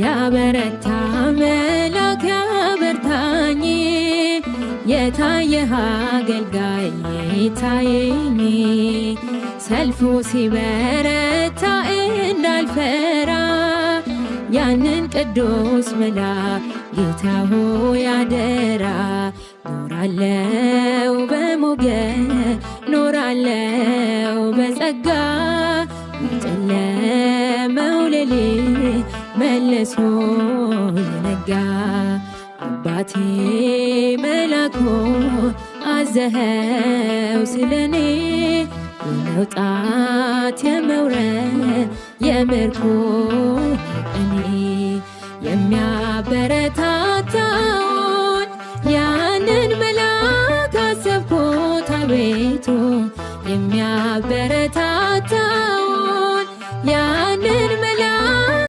ያበረታ መላክ ያበርታኝ የታየህ አገልጋይ ታየኝ ሰልፉ ሲበረታ እንዳልፈራ ያንን ቅዱስ መልአክ ጌታ ሆይ አደራ ኖራለው ኖራለው በጸጋ ሌሊት መልሶ የነጋ አባቴ መላኩ አዘኸው ስለኔ የመውጣት የመውረድ የምርኮ እኔ የሚያበረታታውን ያንን መልአክ አሰብኩት አቤቱ የሚያበረታታ